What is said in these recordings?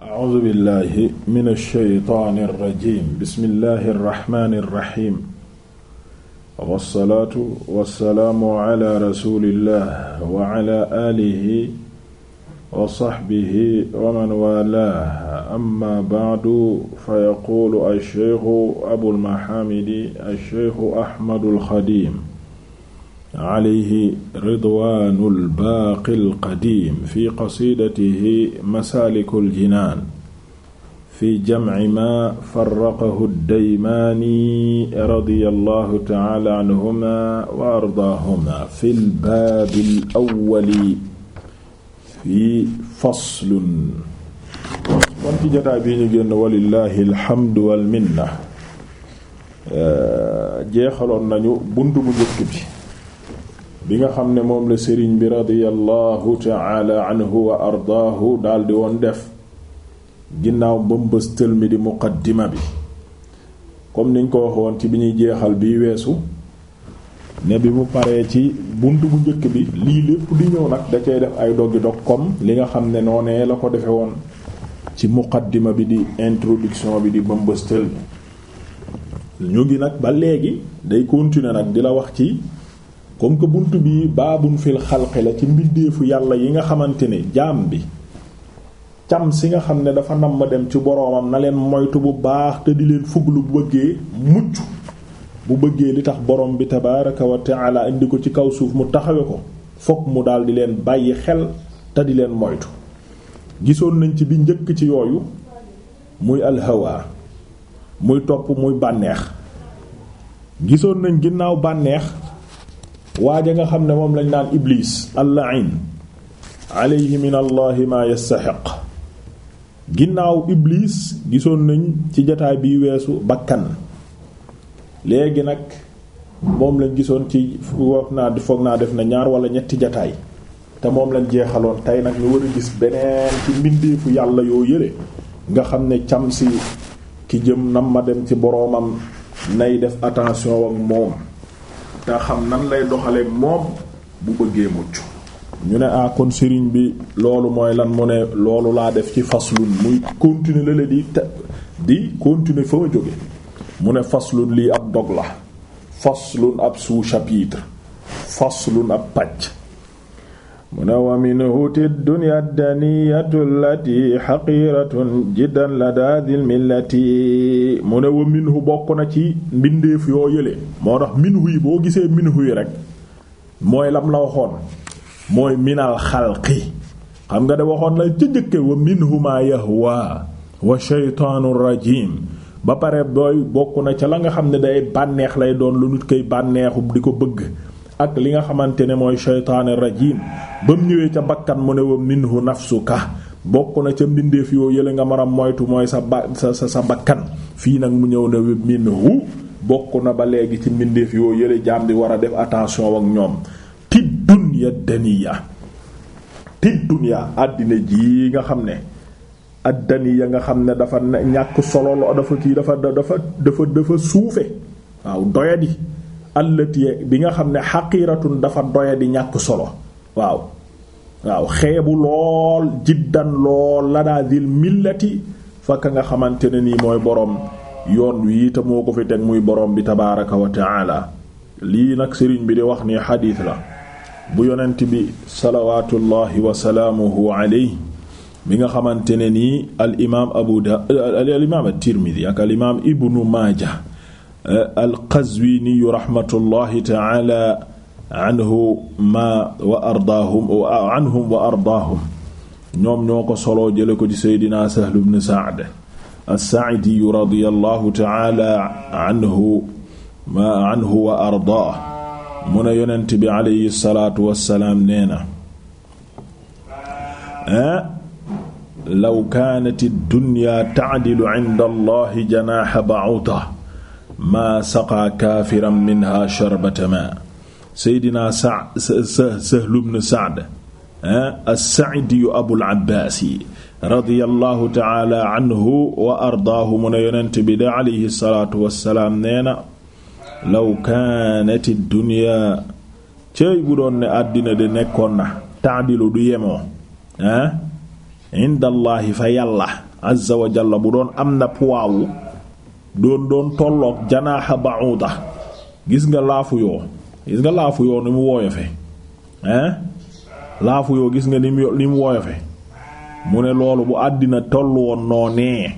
a'uuzu billahi mina shaytaani rajiim bismillahi rahmaani rahiim wassalaatu wassalaamu ala rasuulillah wa ala aalihi wa saxbihi wa man waalaahu amma ba'du fa yaquulu ash-shaykhu abul mahaamidi ash-shaykhu ahmadul xadiim alayhi ridwaanu lbaaqi alqadiim fi qasiidatihi masaaliku ljinaan fi jamci maa farraqahu ddaymaani radiyallahu taala anhumaa wa ardaahumaa fi lbaabi alawwali fi faslun kon ci jotaay bii ñu génn walillahi alhamdu walminna jeexaloon nañu buntu bu njëkk bi bi nga xam ne moom la sëriñ bi radiyallahu ta'ala anhu wa ardaahu daldi woon def ginnaaw bëmbëstal mi di muqaddima bi comme niñ ko waxoon ci bi ñuy jeexal bi weesu ne bi mu paree ci bunt bu njëkk bi lii lépp di ñëw nag da cay def ay doggi dog comme li nga xam ne noonee la ko defe woon ci muqaddima bi di introduction bi di bëmbëstal ñu ngi nag ba léegi day continuer nag di la wax ci comme que bunt bi baabun fil xalqi la ci mbindeefu yàlla yi nga xamante ne jaam bi cam si nga xam ne dafa nam ma dem ci boroomam na leen moytu bu baax te di leen fuglu bu bëggee mucc bu bëggee li tax borom bi tabaaraka wa ta'ala indi ko ci kaw suuf mu taxawe ko fokk mu daal di leen bàyyi xel te di leen moytu gisoon nañ ci bi njëkk ci yooyu muy alhawa muy topp muy bànneex gisoon nañ ginnaaw bànneex waa waaja nga xam ne moom lañ naan iblis àll lain alayhi min allahi ma yastaxiq ginnaaw iblis gisoon nañ ci jataay bi weesu bakkan léegi nag moom lañ gisoon ci foog naa naa def na ñaar wala ñetti jataay te moom lañ jeexaloon tey nag ñu war a gis beneen ci mbindeefu yàlla yoo yële nga xam ne cam si ki jëm nam ma dem ci boroomam nay def attention ak moom te xam nan lay doxalee moom bu bëggee mucc ñu ne a ah, kon sëriñ bi loolu mooy lan mu ne loolu laa def ci faslun muy continuer la la di di continuer fa ma jóge mu ne faslu lii ab dog la faslun ab sous-chapitre faslun ab pàcc mu ne wa minhu ti dunya daniyatu la daadil millati mu ne wa minhu bokk na ci mbindeef yoo yële moo tax minhu yi boo gisee minhu yi rek mooy lam la waxoon mooy minal xalqi xam nga de waxoon la ca njëkke wa minhu maa yahwa wa shaytaanu rajim ba pare booy bokk na ca la nga xam ne day bànneex lay doon lu nit koy bànneexu di ko bëgg ak li nga xamante ne mooy shaytaani rajim ba mu ñëwee ca bakkan mu ne wa minhu nafsuka bokk na ca mbindeef yoo yële nga maram moytu mooy sa ba sa bakkan fii nag mu ñëw ne wa minhu bokk na ba léegi ci mbindeef yoo yële jaam bi war a def attention ak ñoom ti dunya daniya ti dunya àddina ji nga xam ne addaniya nga xam ne dafa ñàkk solo dafa kii dafa dafa dafa dafa suufe waaw doyadi allati bi nga xam ne xaqiratun dafa doya di ñàkk solo waaw waaw xeebu lool jiddan lool la daa dil millati fakka nga xamante ne nii mooy boroom yoon wi te moo ko fi teg muy boroom bi tabaaraka wa taala lii nag sëriñ bi di wax ni xadiis la bu yonent bi salawaatullahi wa salaamuhu alayhi bi nga xamante ne nii al imaam abu da al imaam at-Tirmidhi ak al imaam ibnu Maaja Eh, al-Qazwini rahmatullahi ta'ala anhuma wa ardaahum wa anhum wa ardaahum ñoom ñoo ko soloo jële ko ci seydina Sahl ibn Sa'd as-Sa'idi radiyallahu ta'ala anhu ma anhu wa ardaah mu ne yonent bi alayhi salaatu wassalaam nee na eh, law kaanat ad-dunya ta'dilu 'inda Allahi janaaha ba'uudah maa saqaa kaafiran minha sharbata ma seydina sa sahlu bnu saad eh, as-saadiyu abul abbaas yi radiyallahu taala anhu wa ardaahu mu ne yonent bi da alayhi salaatu wassalaam nee na law kaanati duniyaa céy bu doon ne àddina de nekkoon na taadilu du yemoo ah inda allahi fa yàlla azza wa jalla bu doon am na puwaawu doon doon tolloog janaaxa ba'uda gis nga laafu yoo gis nga laafu yoo ni mu wooyofe hein laafu yoo gis nga ni mu ni mu ne loolu mu àddina tollu woon noonee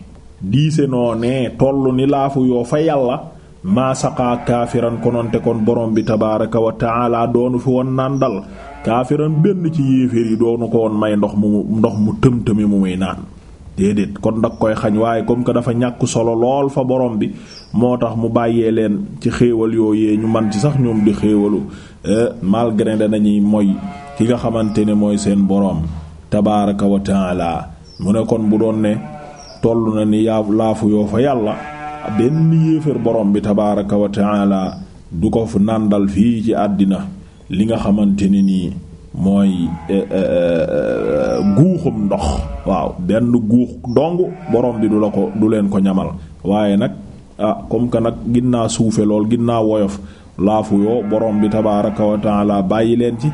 diise noonee tollu ni laafu yoo fa yàlla maa saqaa kaafiran kononte kon borom bi tabaaraka wa taala doonu fi woon naan dal kaafiran benn ci yéeféer yi doonu ko woon may ndox ndox mu tëm-tëmi mu muy naan déedéet kon dag koy xañ waaye comme que dafa ñàkk solo lool fa boroom bi moo tax mu bàyyee leen ci xéewal yooyee ñu man ci sax ñoom di xéewalu eh, malgré nañu moy ki nga xamante ne mooy seen borom tabaraka wa taala mu ne kon bu doon ne toll na ni yaa laafu yoo fa yàlla benn yéefér borom bi tabaraka wa taala du ko fu nàndal fii ci àddina li nga xamante ni nii mooy eh, eh, eh, guuxum ndox waaw benn guux dong borom bi du la ko du leen ko ñamal waaye nag a ah, comme que nag gin naa suufe lool ginnaa woyof laafu yoo borom bi tabaaraka wa taala bàyyi leen ci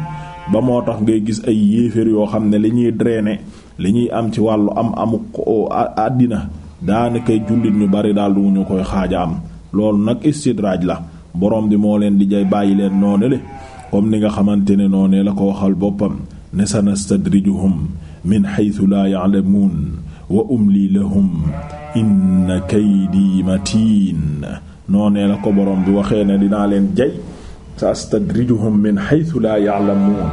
ba moo tax ngay gis ay yéeféer yoo xam ne li ñuy drainer li ñuy am ci wàllu am amu àddina daanakay jullit ñu bari daal du ñu koy xaaja am loolu nag istidraaj la borom bi moo leen di jay bàyyi leen noonale comme ni nga xamante ne noonee la ko waxal boppam ne sanastadrijuhum min haythu laa ya'lamuun wa umli lahum inna kaydi matiin noonee la ko borom bi waxee ne dinaa leen jay sa astadrijuhum min haythu laa ya'lamuun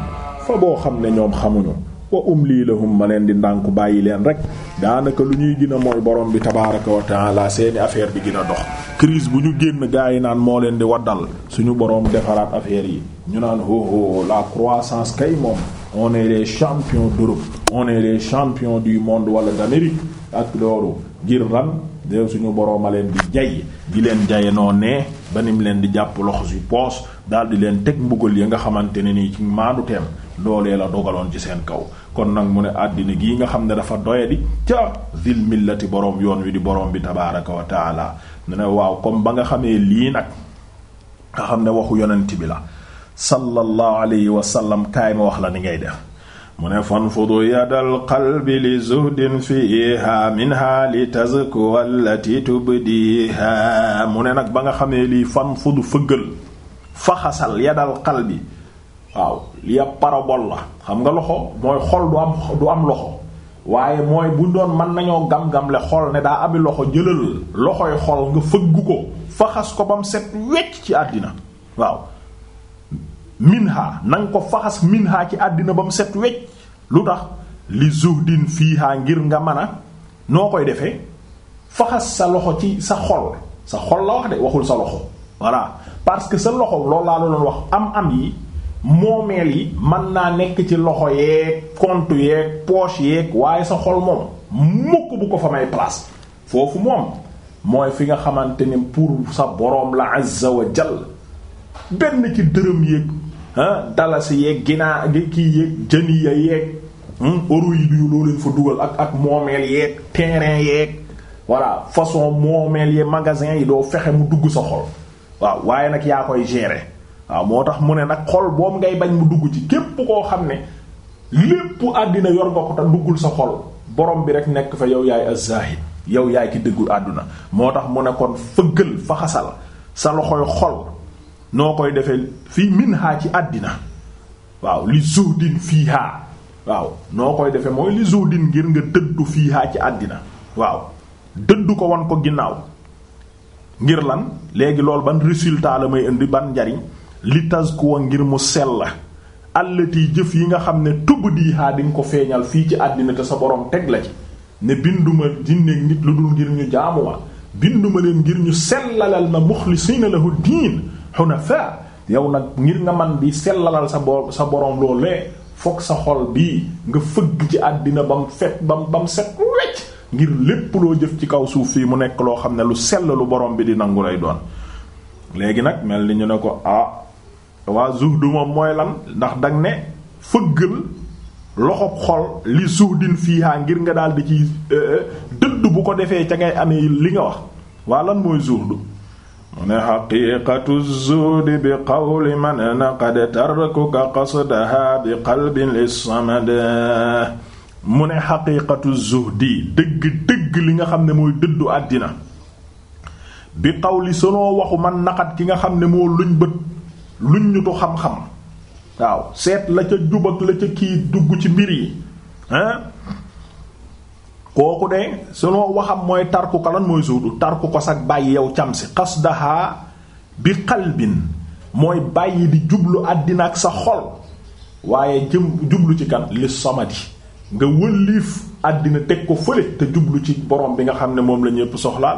fa boo xam ne ñoom xamuñu wa umli lahum ma leen di ndànku bàyyi leen rek daanaka lu ñuy gën a mooy borom bi tabaaraka wa taala seeni affaire bi gën a dox crise bu ñu génn gaa yi naan moo leen di waddal suñu borom defaraat affaire yi ñu naan ho la croissance kay moom on est les champions d'Europe on du monde wala d'Amérique ak loolu ngir ran de suñu borooma leen di jay di leen jaye noo nee banim leen di jàpp loxo si poos daal di leen teg mbugal yi nga xamante ne nii ci maadu teem loolee la dogaloon ci seen kaw kon nag mu ne àddina gii nga xam ne dafa doyadi ca zil millati boroom yoon wi di boroom bi tabaraka wa taala mu ne waaw comme ba nga xamee lii nag nga xam ne waxu yonent bi la sallallahu alayhi wa sallam kaay ma wax la ni ngay def mu ne fanfudu yadal qalbi li zuhdin fiiha minha li tazku allati tubdiha mu ne nag ba nga xamee lii fanfudu fëggal faxasal yadal qalbi waaw li ab parabole la xam nga loxo mooy xol du am du am loxo waaye mooy bu doon mën nañoo gam-gamle xol ne daa abi loxo jëlal loxoy xol nga fëggu ko faxas ko bam set wecc ci àddina waaw minha nanga ko faxas minha ci àddina ba mu set wecc lu tax li zuhdin fiiha ngir nga mën a noo koy defee faxas sa loxo ci sa xol sa xol la wax de waxul sa loxo voilà parce que sa loxo loolu laa la doon wax am am yi moomeel yi mën naa nekk ci loxo yeeg compte yeeg poche yeeg waaye sa xol moom mukk bu ko fa may place foofu moom mooy fi nga xamante ni pour sa boroom la azza wa jall benn ci dërëm yeeg ah dalasi yeeg gi kii yeeg jëni ya yeeg euro hmm, yi du fa dugal ak ak moomeel yeeg terrain yeeg voilà façon moomeel yeeg magasin yi doo fexe mu dugg sa xol waaw waaye nag yaa koy gérer. waaw moo tax mu ne nag xol boobu ngay bañ mu dugg ci képp koo xam ne lépp àddina yor nga ko te duggul sa xol borom bi rek nekk fa yow yaay az-zahid yow yaay ki dëggul àdduna moo tax mu ne kon fëggal faxasal sa loxoy xol noo koy defee fii minha ci àddina waaw li zuhdin fiha waaw noo koy defee mooy li zuhdin ngir nga dëddu fiha ci àddina waaw dëddu ko won ko ginnaaw ngir lan léegi loolu ban résultat la may indi ban njariñ li tazkuwa ngir mu sell allati jëf yi nga xam ne tubb diihaa di nga ko feeñal fii ci àddina te sa boroom teg la ci ne binduma jinneeg nit lu dul ngir ñu jaamuwa binduma leen ngir ñu sellalal ma muxlisiina lahu diin xunafa yow nag ngir nga man bi sellalal sa bo sa borom loolee fokk sa xol bii nga fëgg ci àddina ba mu fet ba mu set wecc ngir lépp loo jëf ci kaw suuf fii mu nekk loo xam ne lu sell lu borom bi di nangu lay doon léegi nag mel ni ñu waa zuhdu moom mooy lan ndax dang ne fëggal loxob xol li zuhdin fiihaa ngir nga daal di ci euh, euh, dëdd bu ko defee ca ngay ame li nga wax waa lan mooy zuhdu mu ne xaqiiqatu zuhdi bi qawli man naqad tarkuka qasdaha bi qalbin lissamad mu ne xaqiiqatu zuhdi dëgg dëgg li nga xam ne mooy dëddu àddina bi qawli selon waxu ma naqad ki nga xam ne moo luñ bët luñ ñu xam-xam waaw seet la ca jub la ca kii dugg ci mbir yi hein kooku de selon waxam mooy tarku ko lan mooy zuudu tarku ko sag bàyyi yow cam si qasdaha bi xalbin mooy bàyyi di jublu àddina ak sa xol waaye jëm jublu ci kan li samadi nga wëlliif àddina teg ko fële te jublu ci borom bi nga xam ne moom lañu ñépp soxlaal